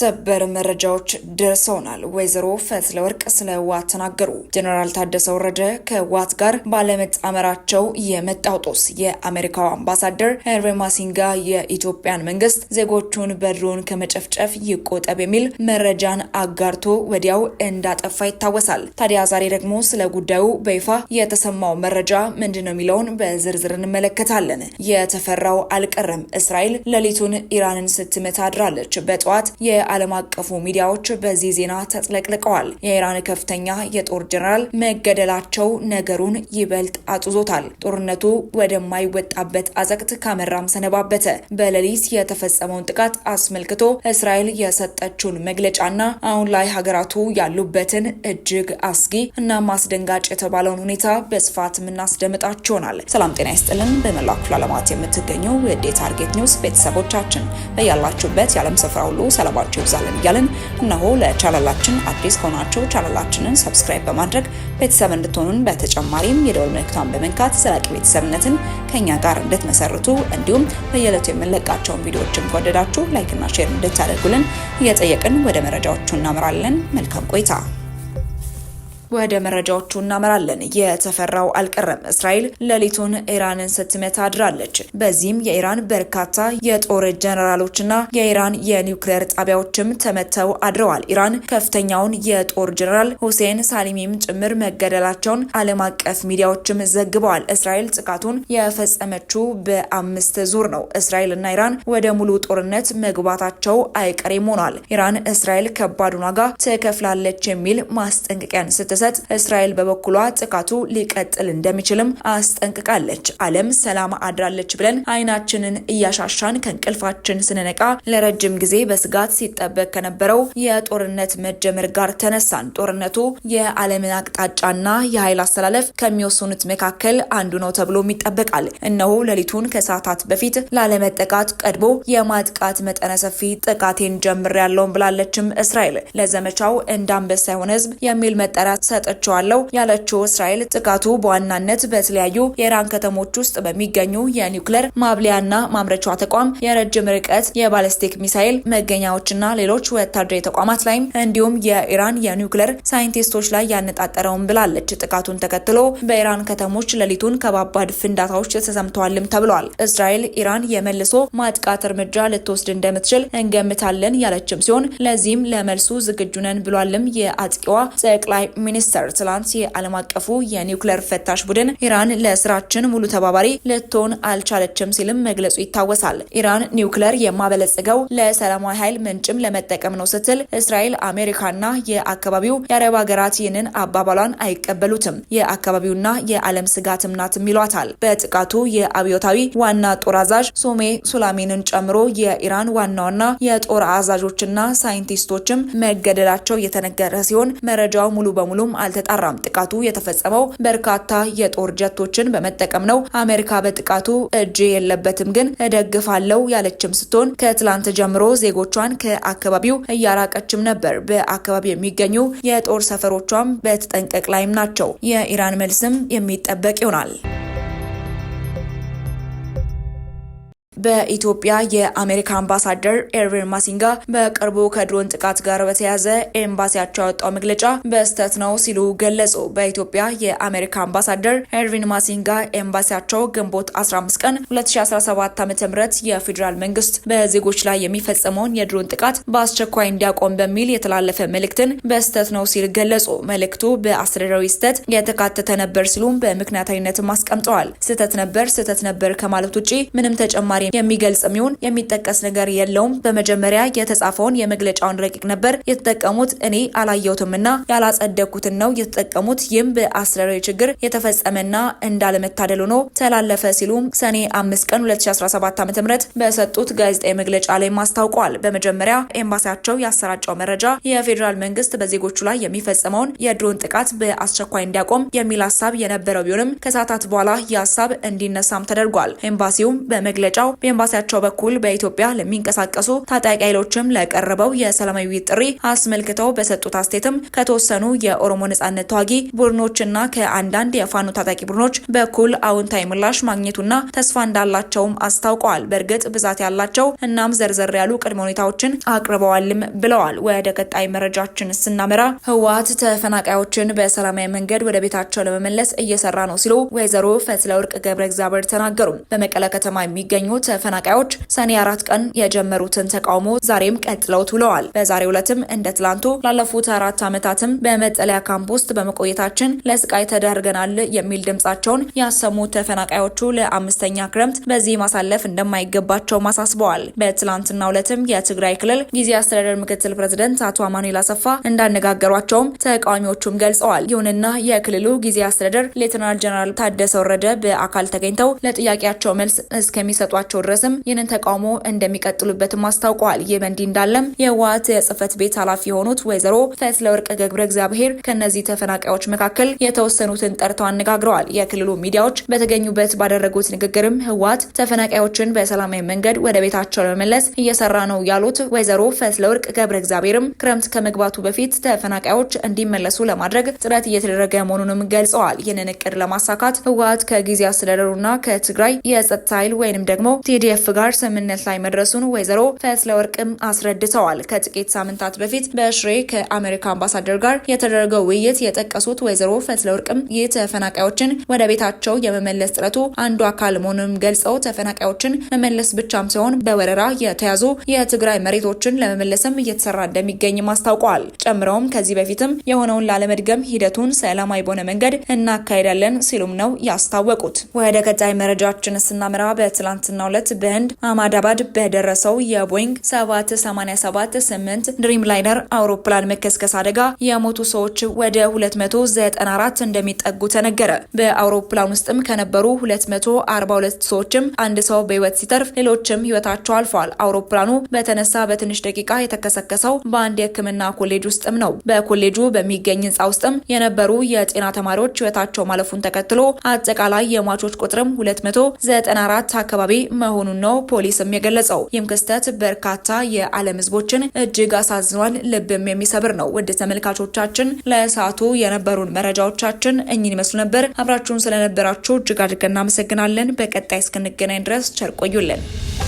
ሰበር መረጃዎች ደርሰውናል። ወይዘሮ ፈትለ ወርቅ ስለ ህወሓት ተናገሩ። ጀኔራል ታደሰ ወረደ ከህወሓት ጋር ባለመጣመራቸው የመጣው ጦስ፣ የአሜሪካው አምባሳደር ሄንሪ ማሲንጋ የኢትዮጵያን መንግስት ዜጎቹን በድሮን ከመጨፍጨፍ ይቆጠብ የሚል መረጃን አጋርቶ ወዲያው እንዳጠፋ ይታወሳል። ታዲያ ዛሬ ደግሞ ስለ ጉዳዩ በይፋ የተሰማው መረጃ ምንድን ነው የሚለውን በዝርዝር እንመለከታለን። የተፈራው አልቀረም። እስራኤል ሌሊቱን ኢራንን ስትመታ አድራለች። በጠዋት የዓለም አቀፉ ሚዲያዎች በዚህ ዜና ተጥለቅልቀዋል። የኢራን ከፍተኛ የጦር ጀነራል መገደላቸው ነገሩን ይበልጥ አጡዞታል። ጦርነቱ ወደማይወጣበት አዘቅት ካመራም ሰነባበተ። በሌሊት የተፈጸመውን ጥቃት አስመልክቶ እስራኤል የሰጠችውን መግለጫና አሁን ላይ ሀገራቱ ያሉበትን እጅግ አስጊ እና ማስደንጋጭ የተባለውን ሁኔታ በስፋት የምናስደምጣችሁ ይሆናል። ሰላም ጤና ይስጥልን። በመላ ክፍለ ዓለማት የምትገኙ የዴ ታርጌት ኒውስ ቤተሰቦቻችን በያላችሁበት የዓለም ስፍራ ሁሉ ሰላማችሁ ሰላማችሁ ይብዛልን እያልን እነሆ ለቻናላችን አዲስ ከሆናችሁ ቻናላችንን ሰብስክራይብ በማድረግ ቤተሰብ እንድትሆኑን በተጨማሪም የደወል ምልክቷን በመንካት ዘላቂ ቤተሰብነትን ከኛ ጋር እንድትመሰርቱ እንዲሁም በየዕለቱ የምንለቃቸውን ቪዲዮዎችን ከወደዳችሁ ላይክና ሼር እንድታደርጉልን እየጠየቅን ወደ መረጃዎቹ እናምራለን። መልካም ቆይታ ወደ መረጃዎቹ እናመራለን። የተፈራው አልቀረም። እስራኤል ሌሊቱን ኢራንን ስትመታ አድራለች። በዚህም የኢራን በርካታ የጦር ጀነራሎችና የኢራን የኒውክሌር ጣቢያዎችም ተመተው አድረዋል። ኢራን ከፍተኛውን የጦር ጀነራል ሁሴን ሳሊሚም ጭምር መገደላቸውን ዓለም አቀፍ ሚዲያዎችም ዘግበዋል። እስራኤል ጥቃቱን የፈጸመችው በአምስት ዙር ነው። እስራኤልና ኢራን ወደ ሙሉ ጦርነት መግባታቸው አይቀሬም ሆኗል። ኢራን እስራኤል ከባዱን ዋጋ ትከፍላለች የሚል ማስጠንቀቂያን ስት እንደሚሰጥ እስራኤል በበኩሏ ጥቃቱ ሊቀጥል እንደሚችልም አስጠንቅቃለች። ዓለም ሰላም አድራለች ብለን አይናችንን እያሻሻን ከእንቅልፋችን ስንነቃ ለረጅም ጊዜ በስጋት ሲጠበቅ ከነበረው የጦርነት መጀመር ጋር ተነሳን። ጦርነቱ የዓለምን አቅጣጫና የኃይል አስተላለፍ ከሚወስኑት መካከል አንዱ ነው ተብሎም ይጠበቃል። እነሆ ሌሊቱን ከሰዓታት በፊት ላለመጠቃት ቀድሞ የማጥቃት መጠነ ሰፊ ጥቃቴን ያለውን ብላለችም እስራኤል። ለዘመቻው እንደ አንበሳ የሆነ ህዝብ የሚል መጠሪያ ሰጥቸዋለሁ ያለችው እስራኤል ጥቃቱ በዋናነት በተለያዩ የኢራን ከተሞች ውስጥ በሚገኙ የኒውክሌር ማብሊያና ማምረቻ ተቋም የረጅም ርቀት የባለስቲክ ሚሳይል መገኛዎችና ሌሎች ወታደራዊ ተቋማት ላይም እንዲሁም የኢራን የኒውክሌር ሳይንቲስቶች ላይ ያነጣጠረውም ብላለች። ጥቃቱን ተከትሎ በኢራን ከተሞች ሌሊቱን ከባባድ ፍንዳታዎች ተሰምተዋልም ተብሏል። እስራኤል ኢራን የመልሶ ማጥቃት እርምጃ ልትወስድ እንደምትችል እንገምታለን ያለችም ሲሆን ለዚህም ለመልሱ ዝግጁ ነን ብሏልም የአጥቂዋ ጠቅላይ ሚኒስትር ሚኒስትር ትላንት የዓለም አቀፉ የኒውክሌር ፈታሽ ቡድን ኢራን ለስራችን ሙሉ ተባባሪ ልትሆን አልቻለችም ሲልም መግለጹ ይታወሳል። ኢራን ኒውክሌር የማበለጽገው ለሰላማዊ ኃይል ምንጭም ለመጠቀም ነው ስትል እስራኤል፣ አሜሪካና የአካባቢው የአረብ ሀገራት ይህንን አባባሏን አይቀበሉትም፣ የአካባቢውና የዓለም ስጋትም ናትም ይሏታል። በጥቃቱ የአብዮታዊ ዋና ጦር አዛዥ ሶሜ ሱላሚንን ጨምሮ የኢራን ዋና ዋና የጦር አዛዦችና ሳይንቲስቶችም መገደላቸው የተነገረ ሲሆን መረጃው ሙሉ በሙሉ ሆኖም አልተጣራም። ጥቃቱ የተፈጸመው በርካታ የጦር ጀቶችን በመጠቀም ነው። አሜሪካ በጥቃቱ እጅ የለበትም ግን እደግፋለው ያለችም ስትሆን ከትላንት ጀምሮ ዜጎቿን ከአካባቢው እያራቀችም ነበር። በአካባቢው የሚገኙ የጦር ሰፈሮቿም በተጠንቀቅ ላይም ናቸው። የኢራን መልስም የሚጠበቅ ይሆናል። በኢትዮጵያ የአሜሪካ አምባሳደር ኤርቪን ማሲንጋ በቅርቡ ከድሮን ጥቃት ጋር በተያያዘ ኤምባሲያቸው ያወጣው መግለጫ በስተት ነው ሲሉ ገለጹ። በኢትዮጵያ የአሜሪካ አምባሳደር ኤርቪን ማሲንጋ ኤምባሲያቸው ግንቦት 15 ቀን 2017 ም የፌዴራል መንግስት በዜጎች ላይ የሚፈጸመውን የድሮን ጥቃት በአስቸኳይ እንዲያቆም በሚል የተላለፈ መልእክትን በስተት ነው ሲል ገለጹ። መልእክቱ በአስተዳደራዊ ስህተት የተካተተ ነበር ሲሉም በምክንያታዊነትም አስቀምጠዋል። ስህተት ነበር ስህተት ነበር ከማለት ውጪ ምንም ተጨማሪ የሚገልጽ ሚሆን የሚጠቀስ ነገር የለውም። በመጀመሪያ የተጻፈውን የመግለጫውን ረቂቅ ነበር የተጠቀሙት። እኔ አላየሁትምና ያላጸደኩትን ነው የተጠቀሙት። ይህም በአስተዳደራዊ ችግር የተፈጸመና እንዳለመታደሉ ነው ተላለፈ ሲሉም ሰኔ አምስት ቀን 2017 ዓ.ም በሰጡት ጋዜጣዊ መግለጫ ላይ ማስታውቋል። በመጀመሪያ ኤምባሲያቸው ያሰራጨው መረጃ የፌዴራል መንግስት በዜጎቹ ላይ የሚፈጸመውን የድሮን ጥቃት በአስቸኳይ እንዲያቆም የሚል ሀሳብ የነበረው ቢሆንም ከሰዓታት በኋላ ይህ ሀሳብ እንዲነሳም ተደርጓል። ኤምባሲውም በመግለጫው በኤምባሲያቸው በኩል በኢትዮጵያ ለሚንቀሳቀሱ ታጣቂ ኃይሎችም ለቀረበው የሰላማዊ ጥሪ አስመልክተው በሰጡት አስተያየትም ከተወሰኑ የኦሮሞ ነጻነት ተዋጊ ቡድኖችና ከአንዳንድ የፋኖ ታጣቂ ቡድኖች በኩል አዎንታዊ ምላሽ ማግኘቱና ተስፋ እንዳላቸውም አስታውቀዋል። በእርግጥ ብዛት ያላቸው እናም ዘርዘር ያሉ ቅድመ ሁኔታዎችን አቅርበዋልም ብለዋል። ወደ ቀጣይ መረጃችን ስናመራ ህወሓት ተፈናቃዮችን በሰላማዊ መንገድ ወደ ቤታቸው ለመመለስ እየሰራ ነው ሲሉ ወይዘሮ ፈትለወርቅ ገብረ እግዚአብሔር ተናገሩ። በመቀለ ከተማ የሚገኙት ተፈናቃዮች ሰኔ አራት ቀን የጀመሩትን ተቃውሞ ዛሬም ቀጥለው ውለዋል። በዛሬው ዕለትም እንደ ትላንቱ ላለፉት አራት ዓመታትም በመጠለያ ካምፕ ውስጥ በመቆየታችን ለስቃይ ተዳርገናል የሚል ድምጻቸውን ያሰሙ ተፈናቃዮቹ ለአምስተኛ ክረምት በዚህ ማሳለፍ እንደማይገባቸው አሳስበዋል። በትላንትና ዕለትም የትግራይ ክልል ጊዜ አስተዳደር ምክትል ፕሬዝደንት አቶ አማኑኤል አሰፋ እንዳነጋገሯቸውም ተቃዋሚዎቹም ገልጸዋል። ይሁንና የክልሉ ጊዜ አስተዳደር ሌተናል ጀነራል ታደሰ ወረደ በአካል ተገኝተው ለጥያቄያቸው መልስ እስከሚሰጧቸው እስካላቸው ድረስም ይህንን ተቃውሞ እንደሚቀጥሉበትም አስታውቀዋል። ይህ በእንዲህ እንዳለም የህወሓት የጽህፈት ቤት ኃላፊ የሆኑት ወይዘሮ ፈትለወርቅ ገብረ እግዚአብሔር ከእነዚህ ተፈናቃዮች መካከል የተወሰኑትን ጠርተው አነጋግረዋል። የክልሉ ሚዲያዎች በተገኙበት ባደረጉት ንግግርም ህወሓት ተፈናቃዮችን በሰላማዊ መንገድ ወደ ቤታቸው ለመመለስ እየሰራ ነው ያሉት ወይዘሮ ፈትለወርቅ ገብረ እግዚአብሔርም ክረምት ከመግባቱ በፊት ተፈናቃዮች እንዲመለሱ ለማድረግ ጥረት እየተደረገ መሆኑንም ገልጸዋል። ይህንን እቅድ ለማሳካት ህወሓት ከጊዜ አስተዳደሩና ከትግራይ የጸጥታ ኃይል ወይንም ደግሞ ቲዲኤፍ ጋር ስምምነት ላይ መድረሱን ወይዘሮ ፈትለ ወርቅም አስረድተዋል። ከጥቂት ሳምንታት በፊት በሽሬ ከአሜሪካ አምባሳደር ጋር የተደረገው ውይይት የጠቀሱት ወይዘሮ ፈትለ ወርቅም ይህ ተፈናቃዮችን ወደ ቤታቸው የመመለስ ጥረቱ አንዱ አካል መሆኑንም ገልጸው ተፈናቃዮችን መመለስ ብቻም ሲሆን በወረራ የተያዙ የትግራይ መሬቶችን ለመመለስም እየተሰራ እንደሚገኝም አስታውቀዋል። ጨምረውም ከዚህ በፊትም የሆነውን ላለመድገም ሂደቱን ሰላማዊ በሆነ መንገድ እናካሄዳለን ሲሉም ነው ያስታወቁት። ወደ ቀጣይ መረጃችን ስናመራ በትላንትና ዕለት በህንድ አማዳባድ በደረሰው የቦይንግ 787 8 ድሪም ላይነር አውሮፕላን መከስከስ አደጋ የሞቱ ሰዎች ወደ 294 እንደሚጠጉ ተነገረ። በአውሮፕላን ውስጥም ከነበሩ 242 ሰዎችም አንድ ሰው በህይወት ሲተርፍ፣ ሌሎችም ህይወታቸው አልፏል። አውሮፕላኑ በተነሳ በትንሽ ደቂቃ የተከሰከሰው በአንድ የህክምና ኮሌጅ ውስጥም ነው። በኮሌጁ በሚገኝ ህንፃ ውስጥም የነበሩ የጤና ተማሪዎች ህይወታቸው ማለፉን ተከትሎ አጠቃላይ የሟቾች ቁጥርም 294 አካባቢ መሆኑን ነው ፖሊስም የገለጸው። ይህም ክስተት በርካታ የዓለም ህዝቦችን እጅግ አሳዝኗል፣ ልብም የሚሰብር ነው። ውድ ተመልካቾቻችን ለሰዓቱ የነበሩን መረጃዎቻችን እኚህን ይመስሉ ነበር። አብራችሁን ስለነበራችሁ እጅግ አድርገን እናመሰግናለን። በቀጣይ እስክንገናኝ ድረስ ቸር ቆዩልን።